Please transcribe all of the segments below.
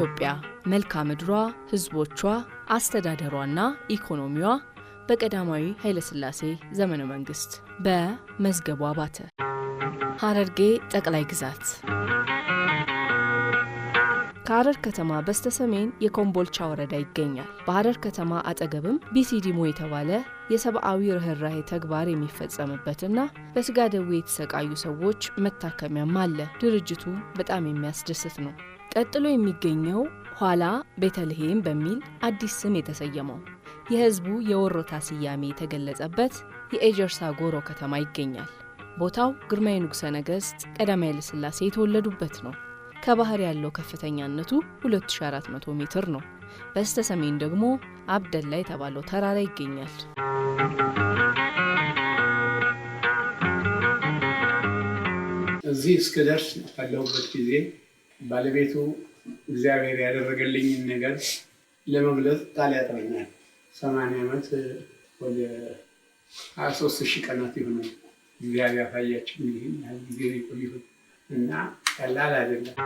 ኢትዮጵያ መልክዓ ምድሯ፣ ሕዝቦቿ፣ አስተዳደሯና ኢኮኖሚዋ በቀዳማዊ ኃይለሥላሴ ዘመነ መንግስት። በመዝገቡ አባተ። ሐረርጌ ጠቅላይ ግዛት ከሐረር ከተማ በስተ ሰሜን የኮምቦልቻ ወረዳ ይገኛል። በሐረር ከተማ አጠገብም ቢሲዲሞ የተባለ የሰብአዊ ርኅራሄ ተግባር የሚፈጸምበትና በስጋ ደዌ የተሰቃዩ ሰዎች መታከሚያም አለ። ድርጅቱ በጣም የሚያስደስት ነው። ቀጥሎ የሚገኘው ኋላ ቤተልሔም በሚል አዲስ ስም የተሰየመው የሕዝቡ የወሮታ ስያሜ የተገለጸበት የኤጀርሳ ጎሮ ከተማ ይገኛል። ቦታው ግርማዊ ንጉሠ ነገሥት ቀዳማዊ ኃይለ ሥላሴ የተወለዱበት ነው። ከባህር ያለው ከፍተኛነቱ 2400 ሜትር ነው። በስተ ሰሜን ደግሞ አብደላ የተባለው ተራራ ይገኛል። እዚህ እስክደርስ ባለሁበት ጊዜ ባለቤቱ እግዚአብሔር ያደረገልኝን ነገር ለመግለጽ ቃል ያጥረኛል። ሰማንያ ዓመት ወደ ሀያ ሶስት ሺህ ቀናት ይሆናል። እግዚአብሔር ያሳያቸው ጊዜ ቆይሁት እና ቀላል አይደለም።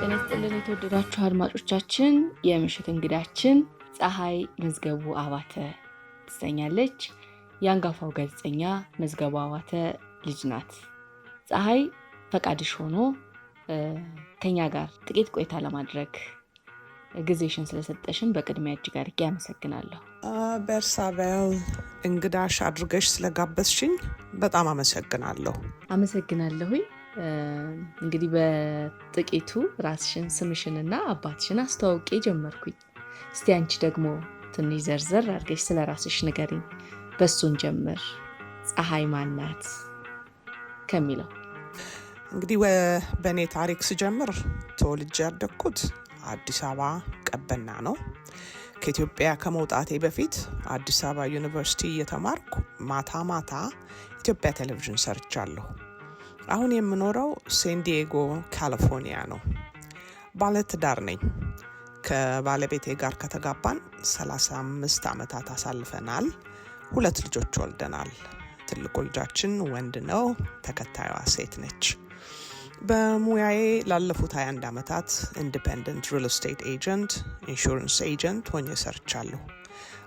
ጤነስጥልን የተወደዳችሁ አድማጮቻችን፣ የምሽት እንግዳችን ፀሐይ መዝገቡ አባተ ትሰኛለች። የአንጋፋው ጋዜጠኛ መዝገቡ አባተ ልጅ ናት። ፀሐይ ፈቃድሽ ሆኖ ከኛ ጋር ጥቂት ቆይታ ለማድረግ ጊዜሽን ስለሰጠሽን በቅድሚያ እጅግ አድርጌ አመሰግናለሁ። በርሳቤል እንግዳሽ አድርገሽ ስለጋበዝሽኝ በጣም አመሰግናለሁ። አመሰግናለሁኝ። እንግዲህ በጥቂቱ ራስሽን ስምሽንና አባትሽን አስተዋውቄ ጀመርኩኝ። እስቲ አንቺ ደግሞ ትንሽ ዘርዘር አድርገሽ ስለ ራስሽ ንገሪኝ። በሱን ጀምር። ፀሐይ ማናት ከሚለው እንግዲህ በእኔ ታሪክ ስጀምር ተወልጄ ያደግኩት አዲስ አበባ ቀበና ነው። ከኢትዮጵያ ከመውጣቴ በፊት አዲስ አበባ ዩኒቨርሲቲ እየተማርኩ ማታ ማታ ኢትዮጵያ ቴሌቪዥን ሰርቻለሁ። አሁን የምኖረው ሴንዲየጎ ካሊፎርኒያ ነው። ባለትዳር ነኝ። ከባለቤቴ ጋር ከተጋባን 35 ዓመታት አሳልፈናል። ሁለት ልጆች ወልደናል። ትልቁ ልጃችን ወንድ ነው። ተከታዩዋ ሴት ነች። በሙያዬ ላለፉት 21 ዓመታት ኢንዲፐንደንት ሪል ስቴት ኤጀንት፣ ኢንሹራንስ ኤጀንት ሆኜ ሰርቻለሁ።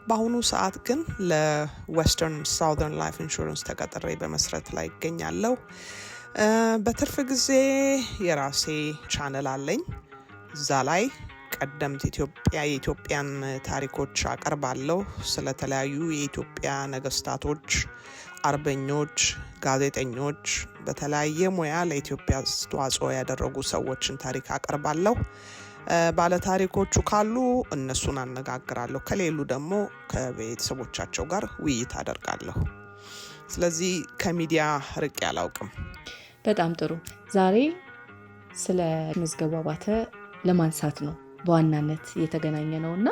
በአሁኑ ሰዓት ግን ለዌስተርን ሳውዘርን ላይፍ ኢንሹራንስ ተቀጥሬ በመስረት ላይ ይገኛለሁ። በትርፍ ጊዜ የራሴ ቻነል አለኝ። እዛ ላይ ቀደምት ኢትዮጵያ የኢትዮጵያን ታሪኮች አቀርባለሁ። ስለተለያዩ የኢትዮጵያ ነገስታቶች፣ አርበኞች፣ ጋዜጠኞች፣ በተለያየ ሙያ ለኢትዮጵያ አስተዋጽኦ ያደረጉ ሰዎችን ታሪክ አቀርባለሁ። ባለታሪኮቹ ካሉ እነሱን አነጋግራለሁ፣ ከሌሉ ደግሞ ከቤተሰቦቻቸው ጋር ውይይት አደርጋለሁ። ስለዚህ ከሚዲያ ርቄ አላውቅም። በጣም ጥሩ። ዛሬ ስለ መዝገቡ አባተ ለማንሳት ነው በዋናነት የተገናኘ ነው እና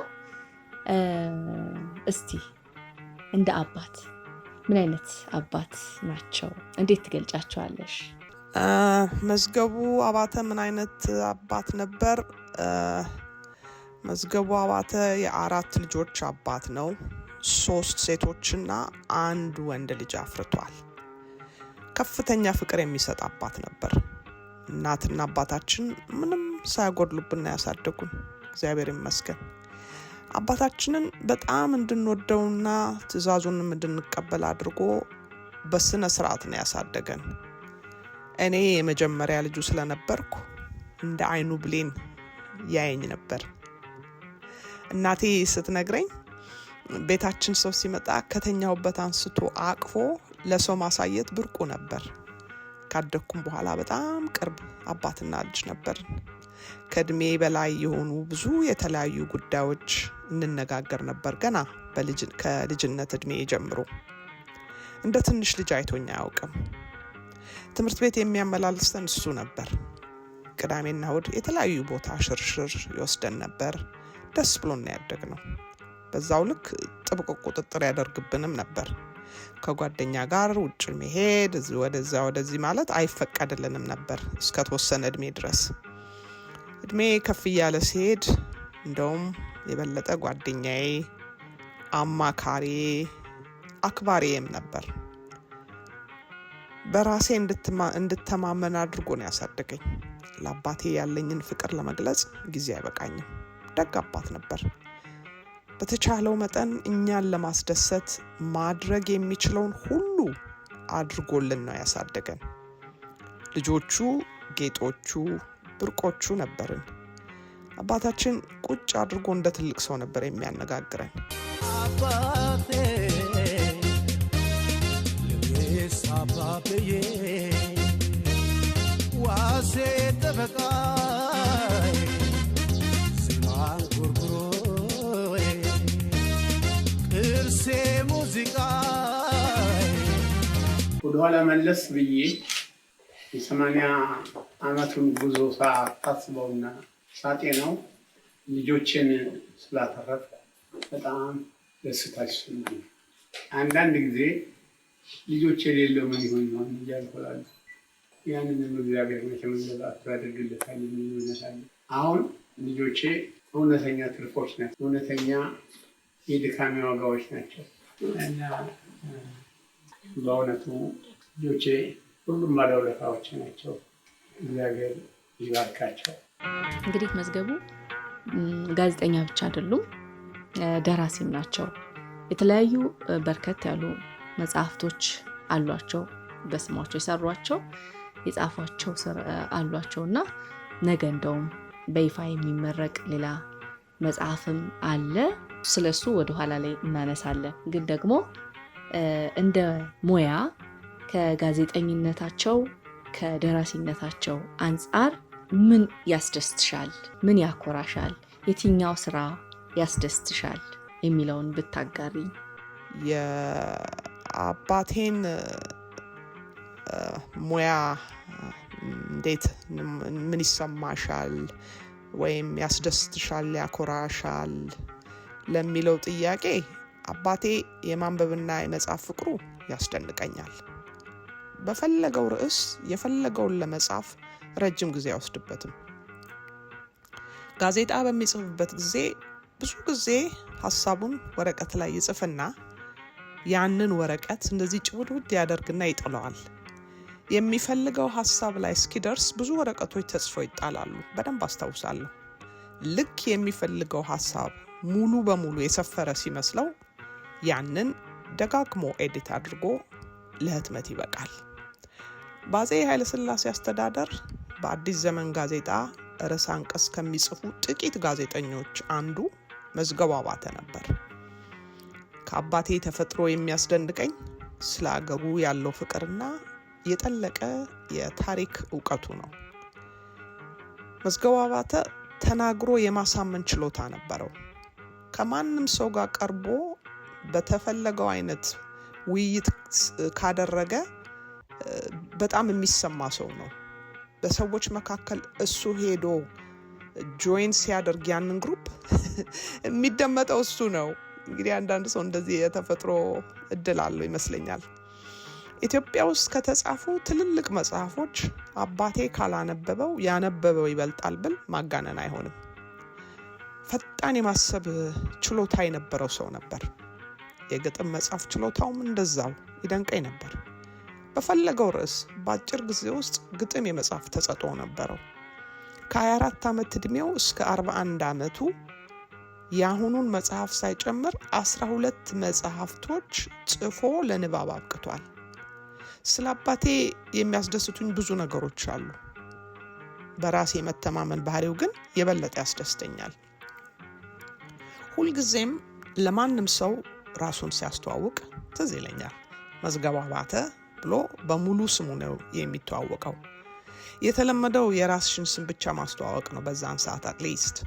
እስቲ እንደ አባት ምን አይነት አባት ናቸው? እንዴት ትገልጫቸዋለሽ? መዝገቡ አባተ ምን አይነት አባት ነበር? መዝገቡ አባተ የአራት ልጆች አባት ነው። ሶስት ሴቶችና አንድ ወንድ ልጅ አፍርቷል። ከፍተኛ ፍቅር የሚሰጥ አባት ነበር። እናትና አባታችን ምንም ሳያጎድሉብን ያሳደጉን፣ እግዚአብሔር ይመስገን። አባታችንን በጣም እንድንወደውና ትእዛዙንም እንድንቀበል አድርጎ በስነ ስርዓት ነው ያሳደገን። እኔ የመጀመሪያ ልጁ ስለነበርኩ እንደ አይኑ ብሌን ያየኝ ነበር። እናቴ ስትነግረኝ ቤታችን ሰው ሲመጣ ከተኛውበት አንስቶ አቅፎ ለሰው ማሳየት ብርቁ ነበር። ካደግኩም በኋላ በጣም ቅርብ አባትና ልጅ ነበርን። ከእድሜ በላይ የሆኑ ብዙ የተለያዩ ጉዳዮች እንነጋገር ነበር ገና ከልጅነት እድሜ ጀምሮ። እንደ ትንሽ ልጅ አይቶኛ አያውቅም። ትምህርት ቤት የሚያመላልሰን እሱ ነበር። ቅዳሜና እሁድ የተለያዩ ቦታ ሽርሽር ይወስደን ነበር። ደስ ብሎ እናያደግ ነው። በዛው ልክ ጥብቅ ቁጥጥር ያደርግብንም ነበር። ከጓደኛ ጋር ውጭ መሄድ፣ ወደዛ ወደዚህ ማለት አይፈቀድልንም ነበር እስከተወሰነ እድሜ ድረስ። እድሜ ከፍ እያለ ሲሄድ እንደውም የበለጠ ጓደኛዬ፣ አማካሪ፣ አክባሪም ነበር። በራሴ እንድተማመን አድርጎ ነው ያሳደገኝ። ለአባቴ ያለኝን ፍቅር ለመግለጽ ጊዜ አይበቃኝም። ደግ አባት ነበር። በተቻለው መጠን እኛን ለማስደሰት ማድረግ የሚችለውን ሁሉ አድርጎልን ነው ያሳደገን። ልጆቹ ጌጦቹ ብርቆቹ ነበርን። አባታችን ቁጭ አድርጎ እንደ ትልቅ ሰው ነበር የሚያነጋግረን። ወደኋላ መለስ ብዬ የሰማንያ አመቱን ጉዞ ሳታስበውና ነው ልጆችን ስላተረፈ በጣም ደስታ ይሰማል። አንዳንድ ጊዜ ልጆች የሌለው ምን ይሆን ይሆን እያልኩላሉ። ያንንም እግዚአብሔር መቼም እንደዛቱ ያደርግለታል የሚል እምነት አለ። አሁን ልጆቼ እውነተኛ ትርፎች ናቸው። እውነተኛ የድካሜ ዋጋዎች ናቸው እና በእውነቱ ልጆቼ ሁሉም ባለውለታዎች ናቸው። እግዚአብሔር ይባርካቸው። እንግዲህ መዝገቡ ጋዜጠኛ ብቻ አይደሉም፣ ደራሲም ናቸው። የተለያዩ በርከት ያሉ መጽሐፍቶች አሏቸው፣ በስማቸው የሰሯቸው የጻፏቸው አሏቸው እና ነገ እንደውም በይፋ የሚመረቅ ሌላ መጽሐፍም አለ። ስለሱ ወደኋላ ላይ እናነሳለን። ግን ደግሞ እንደ ሙያ ከጋዜጠኝነታቸው ከደራሲነታቸው አንጻር ምን ያስደስትሻል? ምን ያኮራሻል? የትኛው ስራ ያስደስትሻል የሚለውን ብታጋሪ። የአባቴን ሙያ እንዴት ምን ይሰማሻል ወይም ያስደስትሻል፣ ያኮራሻል ለሚለው ጥያቄ አባቴ የማንበብና የመጽሐፍ ፍቅሩ ያስደንቀኛል። በፈለገው ርዕስ የፈለገውን ለመጻፍ ረጅም ጊዜ አይወስድበትም። ጋዜጣ በሚጽፍበት ጊዜ ብዙ ጊዜ ሀሳቡን ወረቀት ላይ ይጽፍና ያንን ወረቀት እንደዚህ ጭውድውድ ያደርግና ይጥለዋል። የሚፈልገው ሀሳብ ላይ እስኪደርስ ብዙ ወረቀቶች ተጽፎ ይጣላሉ። በደንብ አስታውሳለሁ። ልክ የሚፈልገው ሀሳብ ሙሉ በሙሉ የሰፈረ ሲመስለው ያንን ደጋግሞ ኤዲት አድርጎ ለህትመት ይበቃል። በአፄ ኃይለሥላሴ አስተዳደር በአዲስ ዘመን ጋዜጣ ርዕሰ አንቀጽ ከሚጽፉ ጥቂት ጋዜጠኞች አንዱ መዝገቡ አባተ ነበር። ከአባቴ ተፈጥሮ የሚያስደንቀኝ ስለ አገሩ ያለው ፍቅርና የጠለቀ የታሪክ እውቀቱ ነው። መዝገቡ አባተ ተናግሮ የማሳመን ችሎታ ነበረው። ከማንም ሰው ጋር ቀርቦ በተፈለገው አይነት ውይይት ካደረገ በጣም የሚሰማ ሰው ነው። በሰዎች መካከል እሱ ሄዶ ጆይን ሲያደርግ ያንን ግሩፕ የሚደመጠው እሱ ነው። እንግዲህ አንዳንድ ሰው እንደዚህ የተፈጥሮ እድል አለው ይመስለኛል። ኢትዮጵያ ውስጥ ከተጻፉ ትልልቅ መጽሐፎች አባቴ ካላነበበው ያነበበው ይበልጣል ብል ማጋነን አይሆንም። ፈጣን የማሰብ ችሎታ የነበረው ሰው ነበር። የግጥም መጽሐፍ ችሎታውም እንደዛው ይደንቀኝ ነበር። በፈለገው ርዕስ በአጭር ጊዜ ውስጥ ግጥም የመጻፍ ተሰጥኦ ነበረው። ከ24 ዓመት ዕድሜው እስከ 41 ዓመቱ የአሁኑን መጽሐፍ ሳይጨምር 12 መጽሐፍቶች ጽፎ ለንባብ አብቅቷል። ስለ አባቴ የሚያስደስቱኝ ብዙ ነገሮች አሉ። በራሴ የመተማመን ባህሪው ግን የበለጠ ያስደስተኛል። ሁልጊዜም ለማንም ሰው ራሱን ሲያስተዋውቅ ትዝ ይለኛል። መዝገባ አባተ ብሎ በሙሉ ስሙ ነው የሚተዋወቀው። የተለመደው የራስሽን ስም ብቻ ማስተዋወቅ ነው። በዛን ሰዓት አትሊስት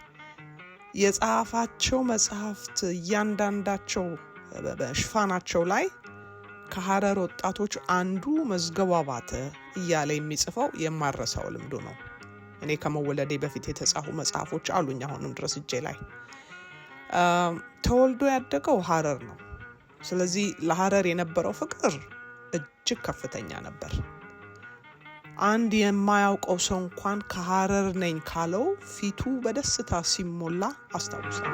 የጻፋቸው መጽሐፍት እያንዳንዳቸው በሽፋናቸው ላይ ከሀረር ወጣቶች አንዱ መዝገቡ አባተ እያለ የሚጽፈው የማረሰው ልምዱ ነው። እኔ ከመወለዴ በፊት የተጻፉ መጽሐፎች አሉኝ አሁንም ድረስ እጄ ላይ። ተወልዶ ያደገው ሀረር ነው። ስለዚህ ለሀረር የነበረው ፍቅር እጅግ ከፍተኛ ነበር። አንድ የማያውቀው ሰው እንኳን ከሀረር ነኝ ካለው ፊቱ በደስታ ሲሞላ አስታውሳል።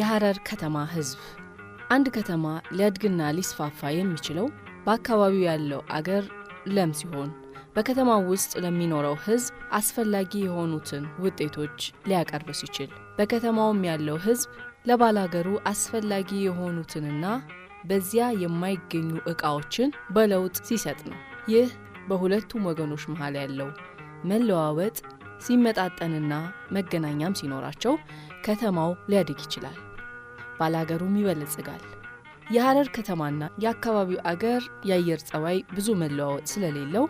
የሀረር ከተማ ህዝብ አንድ ከተማ ሊያድግና ሊስፋፋ የሚችለው በአካባቢው ያለው አገር ለም ሲሆን በከተማው ውስጥ ለሚኖረው ህዝብ አስፈላጊ የሆኑትን ውጤቶች ሊያቀርብ ሲችል በከተማውም ያለው ህዝብ ለባላገሩ አስፈላጊ የሆኑትንና በዚያ የማይገኙ እቃዎችን በለውጥ ሲሰጥ ነው። ይህ በሁለቱም ወገኖች መሀል ያለው መለዋወጥ ሲመጣጠንና መገናኛም ሲኖራቸው ከተማው ሊያድግ ይችላል፣ ባላገሩም ይበለጽጋል። የሐረር ከተማና የአካባቢው አገር የአየር ጸባይ ብዙ መለዋወጥ ስለሌለው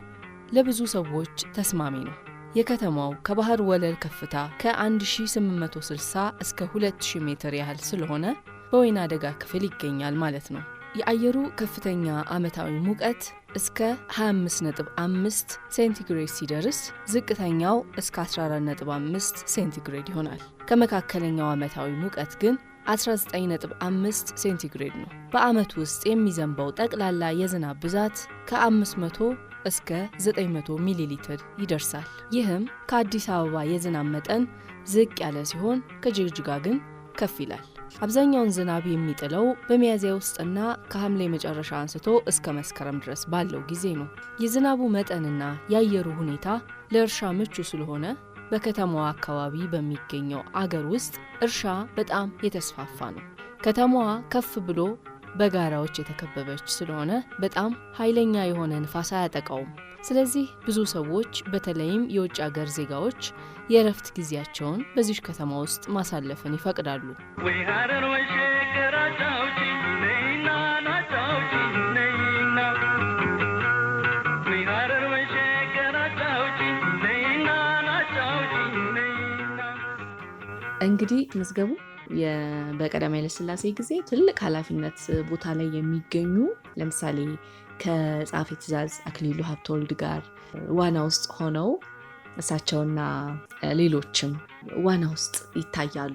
ለብዙ ሰዎች ተስማሚ ነው። የከተማው ከባህር ወለል ከፍታ ከ1860 እስከ 2000 ሜትር ያህል ስለሆነ በወይና ደጋ ክፍል ይገኛል ማለት ነው። የአየሩ ከፍተኛ ዓመታዊ ሙቀት እስከ 25.5 ሴንቲግሬድ ሲደርስ ዝቅተኛው እስከ 14.5 ሴንቲግሬድ ይሆናል። ከመካከለኛው ዓመታዊ ሙቀት ግን 19.5 ሴንቲግሬድ ነው። በዓመት ውስጥ የሚዘንበው ጠቅላላ የዝናብ ብዛት ከ500 እስከ 900 ሚሊ ሊትር ይደርሳል። ይህም ከአዲስ አበባ የዝናብ መጠን ዝቅ ያለ ሲሆን ከጅግጅጋ ግን ከፍ ይላል። አብዛኛውን ዝናብ የሚጥለው በሚያዝያ ውስጥና ከሐምሌ መጨረሻ አንስቶ እስከ መስከረም ድረስ ባለው ጊዜ ነው። የዝናቡ መጠንና የአየሩ ሁኔታ ለእርሻ ምቹ ስለሆነ በከተማዋ አካባቢ በሚገኘው አገር ውስጥ እርሻ በጣም የተስፋፋ ነው። ከተማዋ ከፍ ብሎ በጋራዎች የተከበበች ስለሆነ በጣም ኃይለኛ የሆነ ንፋስ አያጠቃውም። ስለዚህ ብዙ ሰዎች በተለይም የውጭ አገር ዜጋዎች የእረፍት ጊዜያቸውን በዚሽ ከተማ ውስጥ ማሳለፍን ይፈቅዳሉ። እንግዲህ መዝገቡ በቀዳማዊ ኃይለ ሥላሴ ጊዜ ትልቅ ኃላፊነት ቦታ ላይ የሚገኙ ለምሳሌ ከጸሐፌ ትእዛዝ አክሊሉ ሀብተወልድ ጋር ዋና ውስጥ ሆነው እሳቸውና ሌሎችም ዋና ውስጥ ይታያሉ።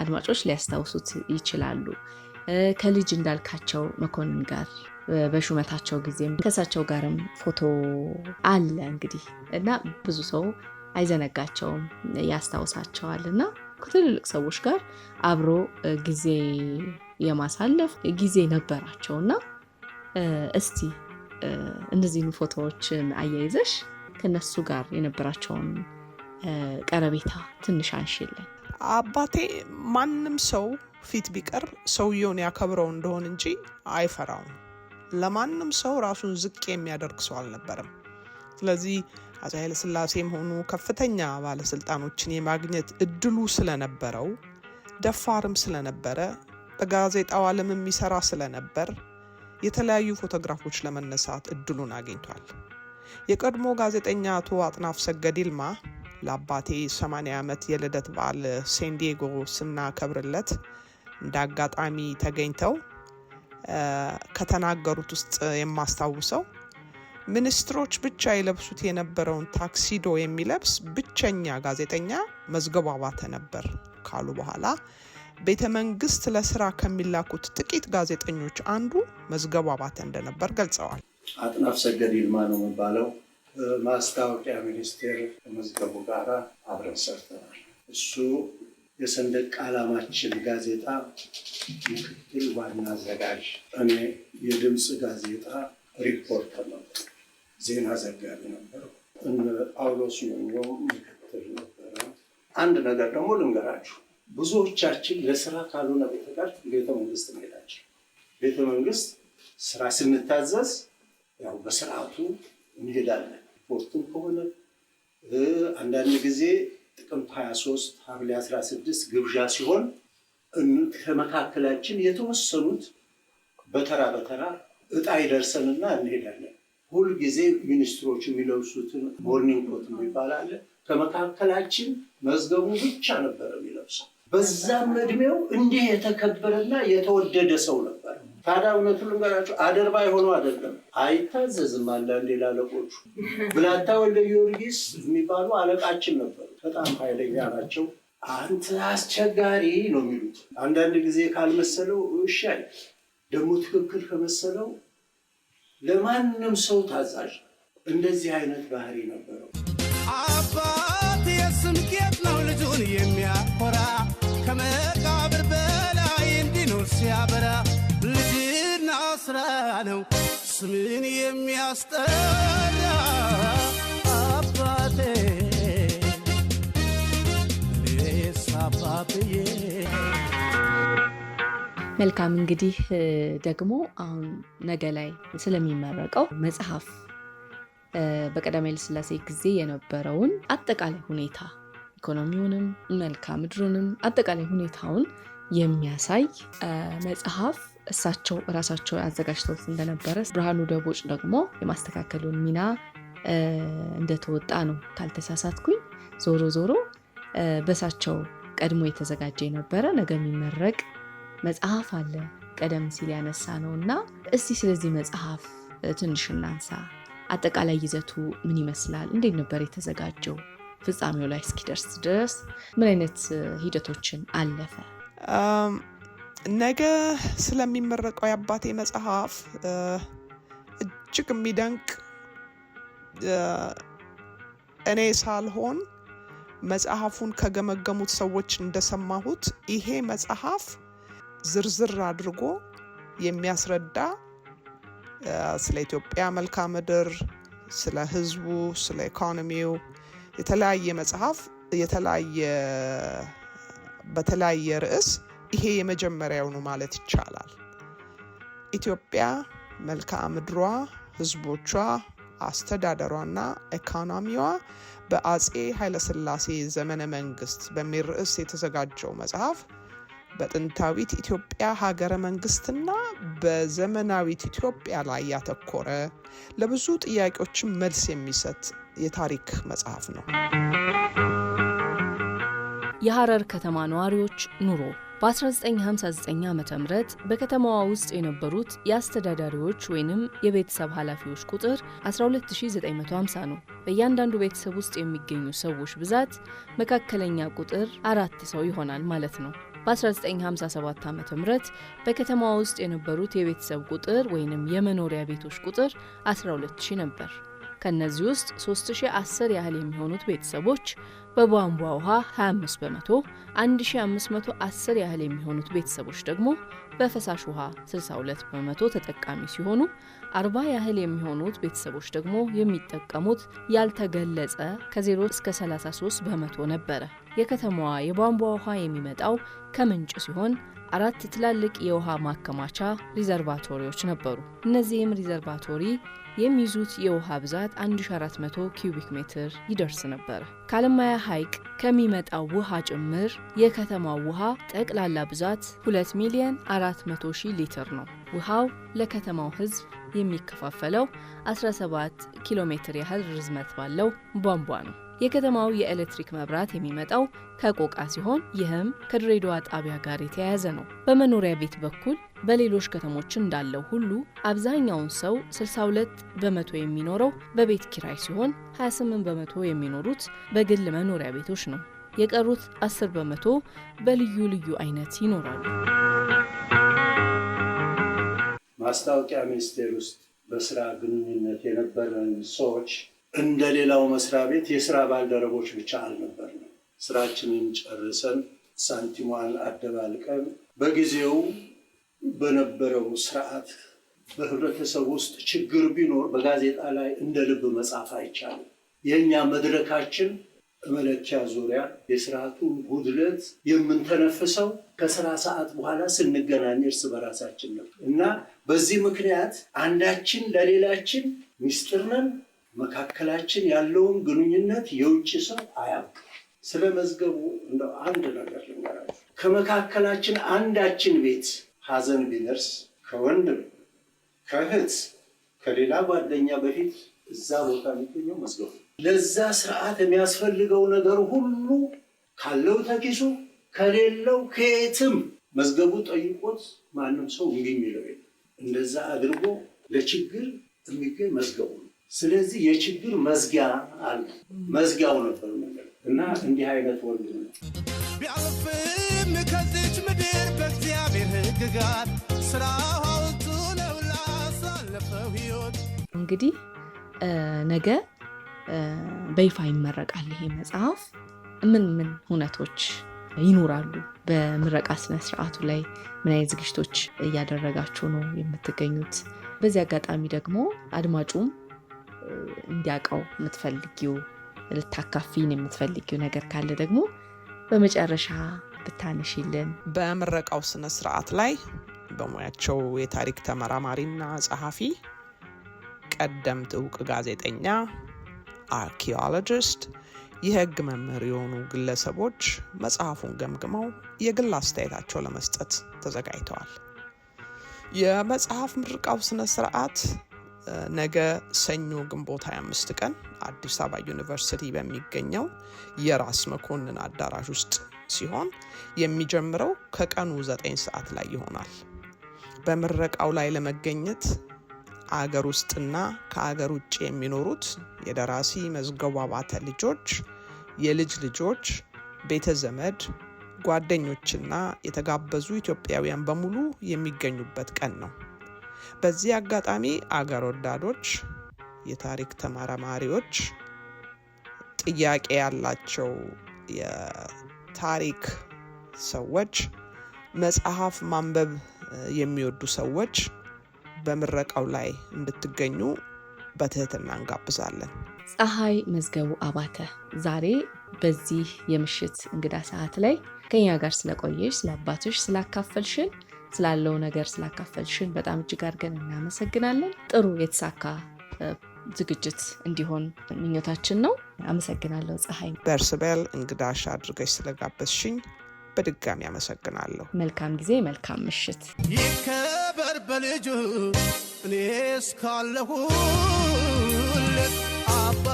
አድማጮች ሊያስታውሱት ይችላሉ። ከልጅ እንዳልካቸው መኮንን ጋር በሹመታቸው ጊዜም ከእሳቸው ጋርም ፎቶ አለ እንግዲህ እና ብዙ ሰው አይዘነጋቸውም፣ ያስታውሳቸዋል እና ከትልልቅ ሰዎች ጋር አብሮ ጊዜ የማሳለፍ ጊዜ ነበራቸው እና እስቲ እነዚህን ፎቶዎችን አያይዘሽ ከነሱ ጋር የነበራቸውን ቀረቤታ ትንሽ አንሽለን። አባቴ ማንም ሰው ፊት ቢቀር ሰውየውን ያከብረው እንደሆን እንጂ አይፈራውም። ለማንም ሰው ራሱን ዝቅ የሚያደርግ ሰው አልነበረም። ስለዚህ አፄ ኃይለሥላሴም ሆኑ ከፍተኛ ባለስልጣኖችን የማግኘት እድሉ ስለነበረው ደፋርም ስለነበረ በጋዜጣው ዓለም የሚሰራ ስለነበር የተለያዩ ፎቶግራፎች ለመነሳት እድሉን አግኝቷል። የቀድሞ ጋዜጠኛ አቶ አጥናፍ ሰገድ ይልማ ለአባቴ 80 ዓመት የልደት በዓል ሴንዲጎ ስናከብርለት እንደ አጋጣሚ ተገኝተው ከተናገሩት ውስጥ የማስታውሰው ሚኒስትሮች ብቻ የለብሱት የነበረውን ታክሲዶ የሚለብስ ብቸኛ ጋዜጠኛ መዝገቡ አባተ ነበር ካሉ በኋላ ቤተ መንግስት ለስራ ከሚላኩት ጥቂት ጋዜጠኞች አንዱ መዝገቡ አባተ እንደነበር ገልጸዋል። አጥናፍ ሰገድ ይልማ ነው የሚባለው። ማስታወቂያ ሚኒስቴር ከመዝገቡ ጋር አብረን ሰርተናል። እሱ የሰንደቅ ዓላማችን ጋዜጣ ምክትል ዋና አዘጋጅ፣ እኔ የድምፅ ጋዜጣ ሪፖርተር ነበር። ዜና ዘጋቢ ነበር። ጳውሎስ ኞኞም ምክትል ነበረ። አንድ ነገር ደግሞ ልንገራችሁ፣ ብዙዎቻችን ለስራ ካልሆነ በስተቀር ቤተ መንግስት መሄዳችን ቤተ መንግስት ስራ ስንታዘዝ ያው በስርዓቱ እንሄዳለን። ፖርቱም ከሆነ አንዳንድ ጊዜ ጥቅምት 23 ሐምሌ 16 ግብዣ ሲሆን ከመካከላችን የተወሰኑት በተራ በተራ እጣ ይደርሰንና እንሄዳለን። ሁል ጊዜ ሚኒስትሮቹ የሚለብሱትን ሞርኒንግ ኮት የሚባል አለ። ከመካከላችን መዝገቡ ብቻ ነበረ የሚለብሰው። በዛም እድሜው እንዲህ የተከበረና የተወደደ ሰው ነበር። ታዲያ እውነቱ ልንገራቸው፣ አደርባ የሆነው አይደለም፣ አይታዘዝም። አንዳንዴ አለቆቹ ብላታ ወልደ ጊዮርጊስ የሚባሉ አለቃችን ነበሩ። በጣም ኃይለኛ ናቸው። አንተ አስቸጋሪ ነው የሚሉት። አንዳንድ ጊዜ ካልመሰለው እሺ ደግሞ ትክክል ከመሰለው ለማንም ሰው ታዛዥ እንደዚህ አይነት ባህሪ ነበረው። አባት የስምኬት ነው ልጁን የሚያኮራ ከመቃብር በላይ እንዲኖር ሲያበራ ልጅና ስራ ነው ስምን የሚያስጠራ አባቴ ሌስ መልካም እንግዲህ ደግሞ አሁን ነገ ላይ ስለሚመረቀው መጽሐፍ በቀዳማዊ ኃይለ ጊዜ የነበረውን አጠቃላይ ሁኔታ ኢኮኖሚውንም፣ መልካ ምድሩንም አጠቃላይ ሁኔታውን የሚያሳይ መጽሐፍ እሳቸው እራሳቸው አዘጋጅተውት እንደነበረ ብርሃኑ ደቦጭ ደግሞ የማስተካከሉን ሚና እንደተወጣ ነው ካልተሳሳትኩኝ። ዞሮ ዞሮ በእሳቸው ቀድሞ የተዘጋጀ የነበረ ነገ የሚመረቅ መጽሐፍ አለ ቀደም ሲል ያነሳ ነው እና እስቲ ስለዚህ መጽሐፍ ትንሽ እናንሳ። አጠቃላይ ይዘቱ ምን ይመስላል? እንዴት ነበር የተዘጋጀው? ፍጻሜው ላይ እስኪደርስ ድረስ ምን አይነት ሂደቶችን አለፈ? ነገ ስለሚመረቀው የአባቴ መጽሐፍ እጅግ የሚደንቅ እኔ ሳልሆን መጽሐፉን ከገመገሙት ሰዎች እንደሰማሁት ይሄ መጽሐፍ ዝርዝር አድርጎ የሚያስረዳ ስለ ኢትዮጵያ መልካ ምድር፣ ስለ ህዝቡ፣ ስለ ኢኮኖሚው የተለያየ መጽሐፍ የተለያየ በተለያየ ርዕስ ይሄ የመጀመሪያው ነው ማለት ይቻላል። ኢትዮጵያ መልክዓ ምድሯ፣ ህዝቦቿ፣ አስተዳደሯና ኢኮኖሚዋ በአጼ ኃይለስላሴ ዘመነ መንግስት በሚል ርዕስ የተዘጋጀው መጽሐፍ በጥንታዊት ኢትዮጵያ ሀገረ መንግስትና በዘመናዊት ኢትዮጵያ ላይ ያተኮረ ለብዙ ጥያቄዎችን መልስ የሚሰጥ የታሪክ መጽሐፍ ነው። የሐረር ከተማ ነዋሪዎች ኑሮ በ1959 ዓ ም በከተማዋ ውስጥ የነበሩት የአስተዳዳሪዎች ወይንም የቤተሰብ ኃላፊዎች ቁጥር 12950 ነው። በእያንዳንዱ ቤተሰብ ውስጥ የሚገኙ ሰዎች ብዛት መካከለኛ ቁጥር አራት ሰው ይሆናል ማለት ነው። በ1957 ዓ ም በከተማዋ ውስጥ የነበሩት የቤተሰብ ቁጥር ወይም የመኖሪያ ቤቶች ቁጥር 120 ነበር። ከእነዚህ ውስጥ 3010 ያህል የሚሆኑት ቤተሰቦች በቧንቧ ውሃ 25 በመቶ፣ 1510 ያህል የሚሆኑት ቤተሰቦች ደግሞ በፈሳሽ ውሃ 62 በመቶ ተጠቃሚ ሲሆኑ 40 ያህል የሚሆኑት ቤተሰቦች ደግሞ የሚጠቀሙት ያልተገለጸ ከ0 እስከ 33 በመቶ ነበረ። የከተማዋ የቧንቧ ውሃ የሚመጣው ከምንጭ ሲሆን አራት ትላልቅ የውሃ ማከማቻ ሪዘርቫቶሪዎች ነበሩ። እነዚህም ሪዘርቫቶሪ የሚይዙት የውሃ ብዛት 1400 ኪዩቢክ ሜትር ይደርስ ነበር። ከአለማያ ሐይቅ ከሚመጣው ውሃ ጭምር የከተማው ውሃ ጠቅላላ ብዛት 2 ሚሊዮን 400 ሺህ ሊትር ነው። ውሃው ለከተማው ሕዝብ የሚከፋፈለው 17 ኪሎ ሜትር ያህል ርዝመት ባለው ቧንቧ ነው። የከተማው የኤሌክትሪክ መብራት የሚመጣው ከቆቃ ሲሆን ይህም ከድሬዳዋ ጣቢያ ጋር የተያያዘ ነው። በመኖሪያ ቤት በኩል በሌሎች ከተሞች እንዳለው ሁሉ አብዛኛውን ሰው 62 በመቶ የሚኖረው በቤት ኪራይ ሲሆን 28 በመቶ የሚኖሩት በግል መኖሪያ ቤቶች ነው። የቀሩት 10 በመቶ በልዩ ልዩ አይነት ይኖራሉ። ማስታወቂያ ሚኒስቴር ውስጥ በስራ ግንኙነት የነበረን ሰዎች እንደ ሌላው መስሪያ ቤት የስራ ባልደረቦች ብቻ አልነበርንም። ስራችንን ጨርሰን ሳንቲሟን አደባልቀን በጊዜው በነበረው ስርዓት በህብረተሰብ ውስጥ ችግር ቢኖር በጋዜጣ ላይ እንደ ልብ መጻፍ አይቻልም። የእኛ መድረካችን መለኪያ ዙሪያ የስርዓቱን ጉድለት የምንተነፍሰው ከስራ ሰዓት በኋላ ስንገናኝ እርስ በራሳችን ነው እና በዚህ ምክንያት አንዳችን ለሌላችን ሚስጥር ነን መካከላችን ያለውን ግንኙነት የውጭ ሰው አያውቅም። ስለ መዝገቡ እንደ አንድ ነገር ልንገራችሁ። ከመካከላችን አንዳችን ቤት ሀዘን ቢደርስ ከወንድም ከእህት፣ ከሌላ ጓደኛ በፊት እዛ ቦታ የሚገኘው መዝገቡ ለዛ ስርዓት የሚያስፈልገው ነገር ሁሉ ካለው ተኪሱ ከሌለው ከየትም መዝገቡ ጠይቆት ማንም ሰው እንዲህ የሚለው እንደዛ አድርጎ ለችግር የሚገኝ መዝገቡ ነው። ስለዚህ የችግር መዝጊያ አለ። መዝጊያው ነበር እና እንዲህ አይነት ወንድ ነው። ቢያልፍም ከዚች ምድር በእግዚአብሔር ሕግጋት ስራ ሀውልቱ ነው ላሳለፈው እንግዲህ ነገ በይፋ ይመረቃል ይሄ መጽሐፍ። ምን ምን ሁነቶች ይኖራሉ? በምረቃ ስነስርዓቱ ላይ ምን አይነት ዝግጅቶች እያደረጋችሁ ነው የምትገኙት? በዚህ አጋጣሚ ደግሞ አድማጩም እንዲያውቀው የምትፈልጊው ልታካፊን የምትፈልጊው ነገር ካለ ደግሞ በመጨረሻ ብታንሽልን በምረቃው ስነ ስርዓት ላይ በሙያቸው የታሪክ ተመራማሪና ጸሐፊ፣ ቀደምት እውቅ ጋዜጠኛ፣ አርኪኦሎጂስት፣ የህግ መምህር የሆኑ ግለሰቦች መጽሐፉን ገምግመው የግል አስተያየታቸው ለመስጠት ተዘጋጅተዋል። የመጽሐፍ ምርቃው ስነ ስርዓት ነገ ሰኞ ግንቦት 25 ቀን አዲስ አበባ ዩኒቨርሲቲ በሚገኘው የራስ መኮንን አዳራሽ ውስጥ ሲሆን የሚጀምረው ከቀኑ 9 ሰዓት ላይ ይሆናል። በምረቃው ላይ ለመገኘት አገር ውስጥና ከአገር ውጭ የሚኖሩት የደራሲ መዝገቡ አባተ ልጆች፣ የልጅ ልጆች፣ ቤተ ዘመድ፣ ጓደኞችና የተጋበዙ ኢትዮጵያውያን በሙሉ የሚገኙበት ቀን ነው። በዚህ አጋጣሚ አገር ወዳዶች፣ የታሪክ ተመራማሪዎች ጥያቄ ያላቸው የታሪክ ሰዎች፣ መጽሐፍ ማንበብ የሚወዱ ሰዎች በምረቃው ላይ እንድትገኙ በትህትና እንጋብዛለን። ፀሐይ መዝገቡ አባተ ዛሬ በዚህ የምሽት እንግዳ ሰዓት ላይ ከኛ ጋር ስለቆየሽ፣ ስለ አባቶች ስላካፈልሽን ስላለው ነገር ስላካፈልሽን በጣም እጅግ አድርገን እናመሰግናለን። ጥሩ የተሳካ ዝግጅት እንዲሆን ምኞታችን ነው። አመሰግናለሁ ፀሐይ። በርስቤል እንግዳሽ አድርገሽ ስለጋበዝሽኝ በድጋሚ አመሰግናለሁ። መልካም ጊዜ፣ መልካም ምሽት። ይከበር በልጁ እኔ እስካለሁ አባ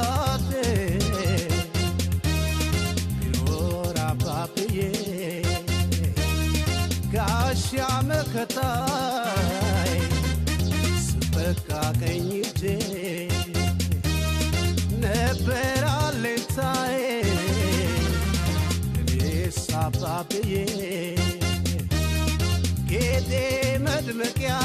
ተከታይ ስበካ ቀኝ እጄ ነበር አለታዬ እኔስ አባብዬ ጌጤ መድመቂያ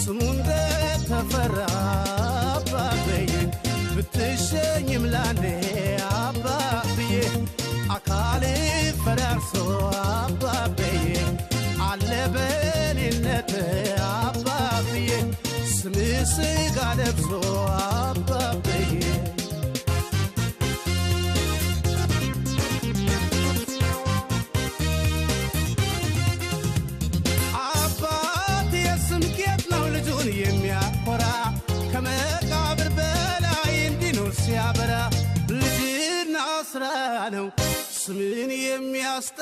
ስሙ እንደተፈራ አባበይ ብትሸኝም ላንዴ አባብዬ አካል ፈራርሶ አባበይ አለ በኔነት አባብዬ ስም ስጋ ለብሶ አባበዬ ስምን የሚያስጠላ